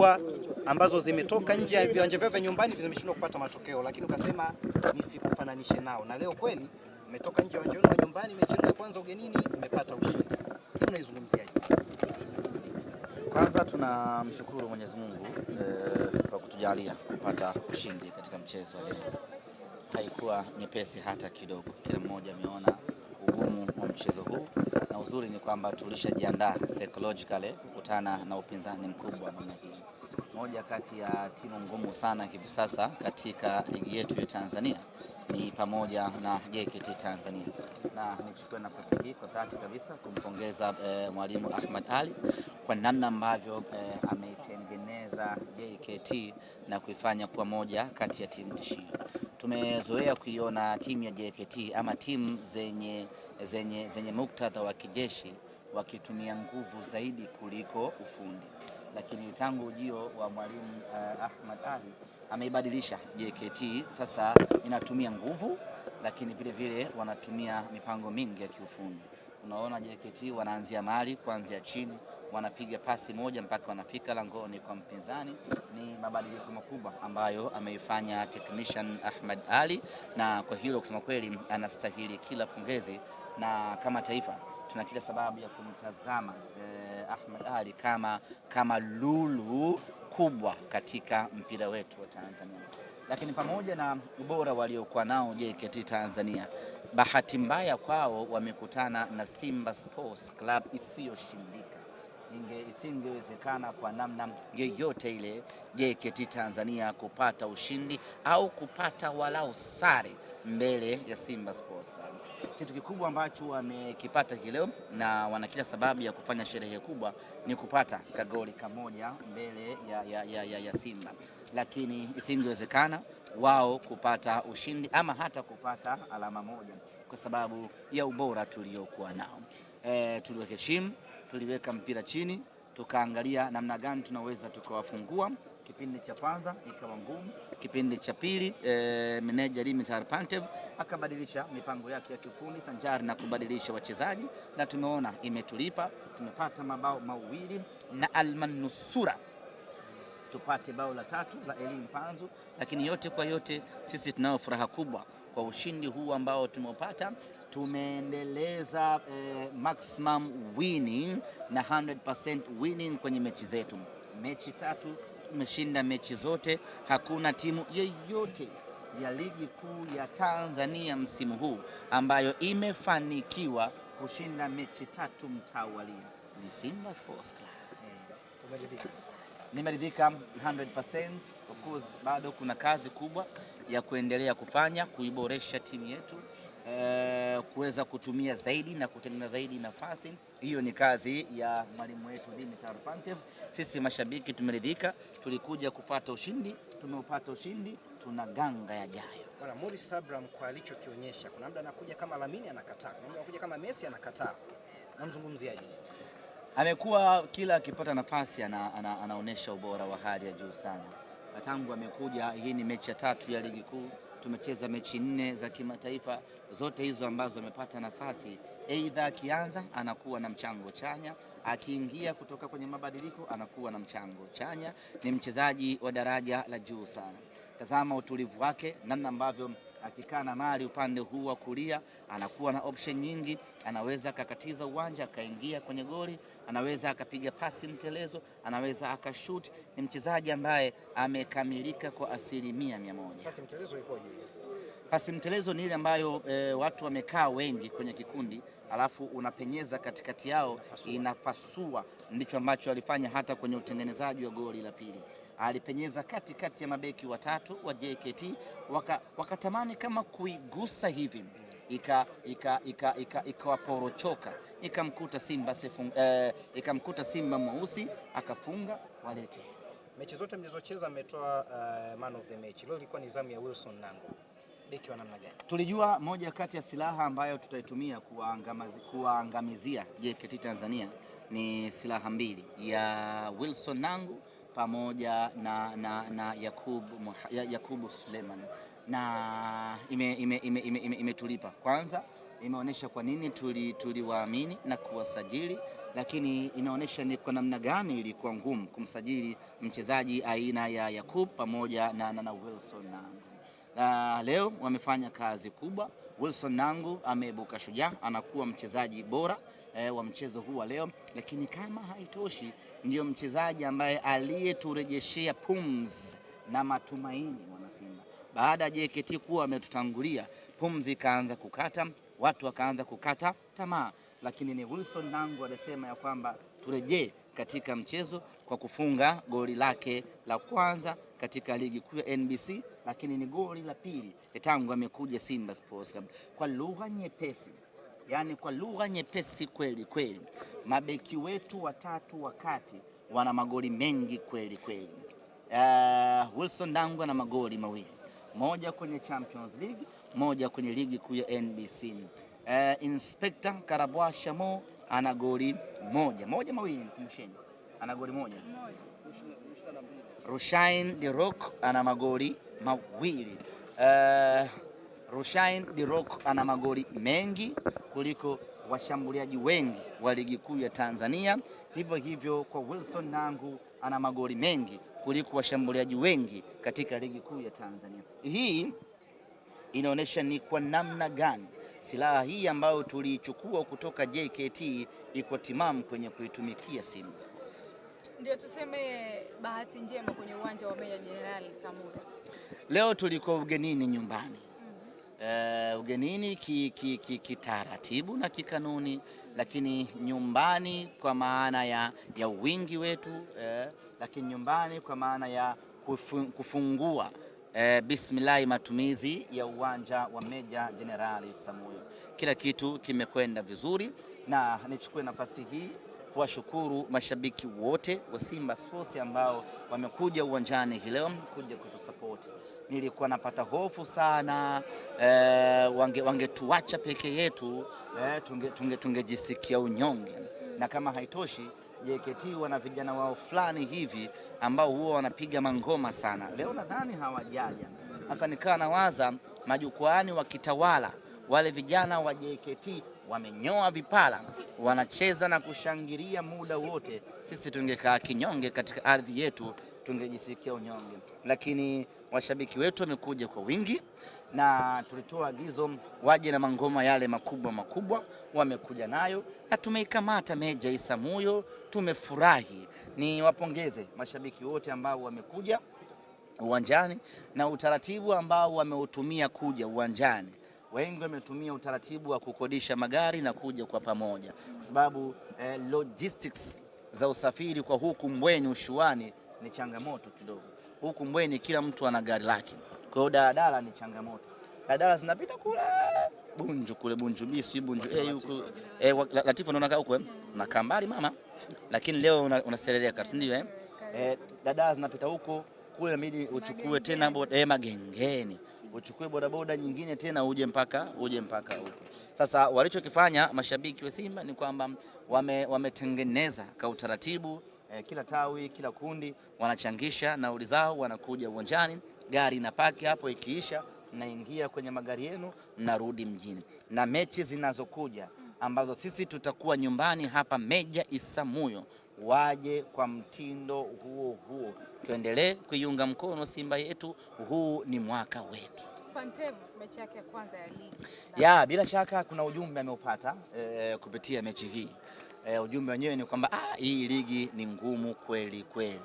kubwa ambazo zimetoka nje ya viwanja vyao vya nyumbani vimeshindwa kupata matokeo, lakini ukasema nisikufananishe nao, na leo kweli umetoka nje ya viwanja vyao nyumbani, mechi ya kwanza ugenini umepata ushindi. Unaizungumziaje? Kwanza tunamshukuru Mwenyezi Mungu kwa eh, kwa kutujalia kupata ushindi katika mchezo wa leo. Haikuwa nyepesi hata kidogo, kila mmoja ameona ugumu wa mchezo huu, na uzuri ni kwamba tulishajiandaa psychologically kukutana na upinzani mkubwa namna hii, moja kati ya timu ngumu sana hivi sasa katika ligi yetu ya Tanzania ni pamoja na JKT Tanzania, na nichukue nafasi hii kwa dhati kabisa kumpongeza e, mwalimu Ahmad Ali kwa namna ambavyo e, ameitengeneza JKT na kuifanya kuwa moja kati ya timu tishio. Tumezoea kuiona timu ya JKT ama timu zenye, zenye, zenye muktadha wa kijeshi wakitumia nguvu zaidi kuliko ufundi, lakini tangu ujio wa mwalimu uh, Ahmad Ali ameibadilisha JKT. Sasa inatumia nguvu, lakini vile vile wanatumia mipango mingi ya kiufundi. Unaona, JKT wanaanzia mali kuanzia chini, wanapiga pasi moja mpaka wanafika langoni kwa mpinzani. Ni mabadiliko makubwa ambayo ameifanya technician Ahmad Ali, na kwa hilo kusema kweli anastahili kila pongezi, na kama taifa tuna kila sababu ya kumtazama eh, Ahmed Ally kama, kama lulu kubwa katika mpira wetu wa Tanzania. Lakini pamoja na ubora waliokuwa nao JKT Tanzania, bahati mbaya kwao wamekutana na Simba Sports Club isiyoshindika. Isingewezekana kwa namna yoyote ile JKT Tanzania kupata ushindi au kupata walau sare mbele ya Simba Sports Club. Kitu kikubwa ambacho wamekipata kileo na wana kila sababu ya kufanya sherehe kubwa ni kupata kagoli kamoja mbele ya, ya, ya, ya, ya Simba, lakini isingewezekana wao kupata ushindi ama hata kupata alama moja kwa sababu ya ubora tuliokuwa nao. E, tuliweka heshima, tuliweka mpira chini, tukaangalia namna gani tunaweza tukawafungua Kipindi cha kwanza ikawa ngumu, kipindi cha pili e, meneja Dimitar Pantev akabadilisha mipango yake ya kiufundi sanjari na kubadilisha wachezaji, na tumeona imetulipa. Tumepata mabao mawili na almanusura tupate bao la tatu la elimu Panzu, lakini yote kwa yote sisi tunayo furaha kubwa kwa ushindi huu ambao tumeupata. Tumeendeleza eh, maximum winning na 100% winning kwenye mechi zetu, mechi tatu umeshinda mechi zote. Hakuna timu yeyote ya ligi kuu ya Tanzania msimu huu ambayo imefanikiwa kushinda mechi tatu mtawalia. Ni Simba Sports Club. nimeridhika 100%. Of course bado kuna kazi kubwa ya kuendelea kufanya kuiboresha timu yetu. Eh, kuweza kutumia zaidi na kutengeneza zaidi nafasi. Hiyo ni kazi ya mwalimu wetu Dimitar Pantev. Sisi mashabiki tumeridhika, tulikuja kupata ushindi, tumeupata ushindi, tuna ganga yajayo. Bwana Morris Sabram kwa alichokionyesha, kuna muda anakuja kama Lamini anakataa, kuna muda anakuja kama Messi anakataa. Namzungumziaje? Amekuwa kila akipata nafasi ana, ana, anaonyesha ubora wa hali ya juu sana tangu amekuja. Hii ni mechi ya tatu ya ligi kuu tumecheza mechi nne za kimataifa, zote hizo ambazo amepata nafasi, aidha akianza anakuwa na mchango chanya, akiingia kutoka kwenye mabadiliko anakuwa na mchango chanya. Ni mchezaji wa daraja la juu sana. Tazama utulivu wake, namna ambavyo akikaa na mali upande huu wa kulia anakuwa na option nyingi, anaweza akakatiza uwanja akaingia kwenye goli, anaweza akapiga pasi mtelezo, anaweza akashoot. Ni mchezaji ambaye amekamilika kwa asilimia mia moja. Pasi mtelezo ikoje? Pasi mtelezo ni ile ambayo e, watu wamekaa wengi kwenye kikundi alafu unapenyeza katikati yao inapasua. Ndicho ambacho alifanya hata kwenye utengenezaji wa goli la pili alipenyeza kati kati ya mabeki watatu wa JKT wakatamani waka kama kuigusa hivi ikawaporochoka ika, ika, ika ikamkuta Simba eh, ikamkuta Simba mweusi akafunga walete. Mechi zote mlizocheza mmetoa uh, man of the match. Leo ilikuwa ni zamu ya Wilson Nangu. Beki wa namna gani? Tulijua moja kati ya silaha ambayo tutaitumia kuwaangamizia JKT Tanzania ni silaha mbili ya Wilson Nangu pamoja na, na, na Yakubu, Yakubu Suleiman na imetulipa ime, ime, ime, ime kwanza imeonyesha kwa nini tuliwaamini tuli na kuwasajili, lakini inaonyesha ni kwa namna gani ilikuwa ngumu kumsajili mchezaji aina ya Yakub pamoja na, na, na Wilson Nangu. Uh, leo wamefanya kazi kubwa. Wilson Nangu ameibuka shujaa, anakuwa mchezaji bora eh, wa mchezo huu wa leo, lakini kama haitoshi, ndio mchezaji ambaye aliyeturejeshea pumzi na matumaini wanasimba, baada ya JKT kuwa ametutangulia, pumzi ikaanza kukata, watu wakaanza kukata tamaa, lakini ni Wilson Nangu alisema ya kwamba turejee katika mchezo kwa kufunga goli lake la kwanza katika ligi kuu ya NBC, lakini ni goli la pili tangu amekuja Simba Sports Club. Kwa lugha nyepesi yaani kwa lugha nyepesi kweli kweli, mabeki wetu watatu wakati wana magoli mengi kweli kweli. Uh, Wilson Dangwa na magoli mawili, moja kwenye Champions League, moja kwenye ligi kuu ya NBC. Uh, eh, Inspector Karabwa Shamo ana goli moja moja mawili, kumsheni ana goli moja. Rushain Dirok ana magoli mawili uh, Rushain Dirok ana magoli mengi kuliko washambuliaji wengi wa ligi kuu ya Tanzania. Hivyo hivyo kwa Wilson Nangu ana magoli mengi kuliko washambuliaji wengi katika ligi kuu ya Tanzania. Hii inaonyesha ni kwa namna gani silaha hii ambayo tuliichukua kutoka JKT iko timamu kwenye kuitumikia Simba Sports. Ndio tuseme bahati njema kwenye uwanja wa Meja Jenerali Samura. Leo tuliko ugenini nyumbani uh, ugenini kitaratibu ki, ki, ki na kikanuni, lakini nyumbani kwa maana ya, ya wingi wetu uh, lakini nyumbani kwa maana ya kufungua uh, bismillahi matumizi ya uwanja wa Meja Jenerali Samuyo. Kila kitu kimekwenda vizuri na nichukue nafasi hii kuwashukuru mashabiki wote wa Simba Sports ambao wamekuja uwanjani hii leo kuja kutusapoti. Nilikuwa napata hofu sana eh, wangetuacha peke yetu eh, tungejisikia tunge, tunge unyonge, na kama haitoshi JKT wana vijana wao fulani hivi ambao huwa wanapiga mangoma sana. Leo nadhani hawajaja. Sasa nikawa nawaza majukwaani wakitawala wale vijana wa JKT wamenyoa vipara, wanacheza na kushangilia muda wote. Sisi tungekaa kinyonge katika ardhi yetu, tungejisikia unyonge, lakini washabiki wetu wamekuja kwa wingi na tulitoa agizo waje na mangoma yale makubwa makubwa, wamekuja nayo na tumeikamata Meja Isamuyo, tumefurahi. Ni wapongeze mashabiki wote ambao wamekuja uwanjani na utaratibu ambao wameutumia kuja uwanjani wengi wametumia utaratibu wa kukodisha magari na kuja kwa pamoja, kwa sababu eh, logistics za usafiri kwa huku Mbweni Ushuani ni changamoto kidogo. Huku Mbweni kila mtu ana gari lake, kwa hiyo daladala ni changamoto. Daladala zinapita kule Bunju kule Bunju bisi Bunju huko eh, Latifu unaona kaa huko eh, nakaa mbali mama, lakini leo unaserereka, si ndio eh? Eh, daladala zinapita huko kule, inabidi uchukue tena eh, Magengeni uchukue bodaboda nyingine tena uje mpaka uje mpaka huko. Sasa walichokifanya mashabiki wa Simba ni kwamba wametengeneza wame ka utaratibu eh, kila tawi kila kundi wanachangisha nauli zao, wanakuja uwanjani, gari inapaki hapo, ikiisha naingia kwenye magari yenu narudi mjini, na mechi zinazokuja ambazo sisi tutakuwa nyumbani hapa Meja Isamuyo waje kwa mtindo huo huo. Tuendelee kuiunga mkono Simba yetu, huu ni mwaka wetu. mechi yake ya kwanza ya ligi. Ya, bila shaka kuna ujumbe ameupata e, kupitia mechi hii e, ujumbe wenyewe ni kwamba ah, hii ligi ni ngumu kweli kweli.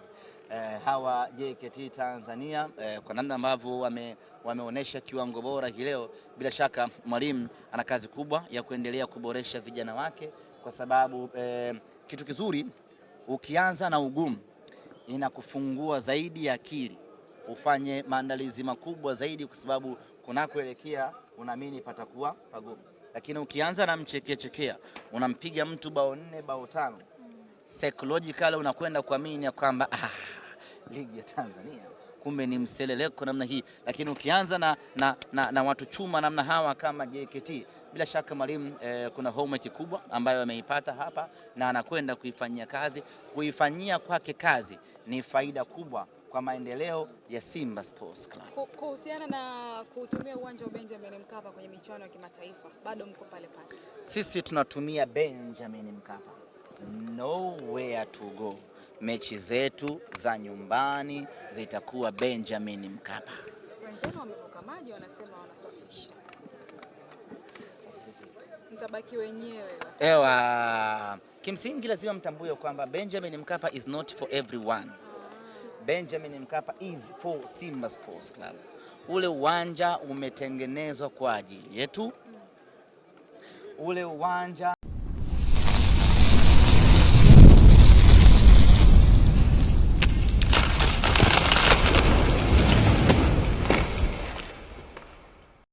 E, hawa JKT Tanzania e, kwa namna ambavyo wame, wameonyesha kiwango bora hii leo, bila shaka mwalimu ana kazi kubwa ya kuendelea kuboresha vijana wake kwa sababu e, kitu kizuri Ukianza na ugumu, inakufungua zaidi ya akili ufanye maandalizi makubwa zaidi, kwa sababu kunakoelekea unaamini patakuwa pagumu. Lakini ukianza na mchekeachekea, unampiga mtu bao nne bao tano, psychologically unakwenda kuamini ya kwamba ah, ligi ya Tanzania kumbe ni mseleleko namna hii, lakini ukianza na, na, na, na watu chuma namna hawa kama JKT bila shaka mwalimu eh, kuna homework kubwa ambayo ameipata hapa na anakwenda kuifanyia kazi. Kuifanyia kwake kazi ni faida kubwa kwa maendeleo ya Simba Sports Club. Kuhusiana na kutumia uwanja wa Benjamin Mkapa kwenye michuano ya kimataifa, bado mko pale pale? Sisi tunatumia Benjamin Mkapa, nowhere to go mechi zetu za nyumbani zitakuwa Benjamin Mkapa. Wenzenu wamevuka maji, wanasema wanasafisha, mtabaki wenyewe. Ewa, kimsingi lazima mtambue kwamba Benjamin Mkapa is not for everyone. Benjamin Mkapa is for Simba Sports Club. Ule uwanja umetengenezwa kwa ajili yetu, ule uwanja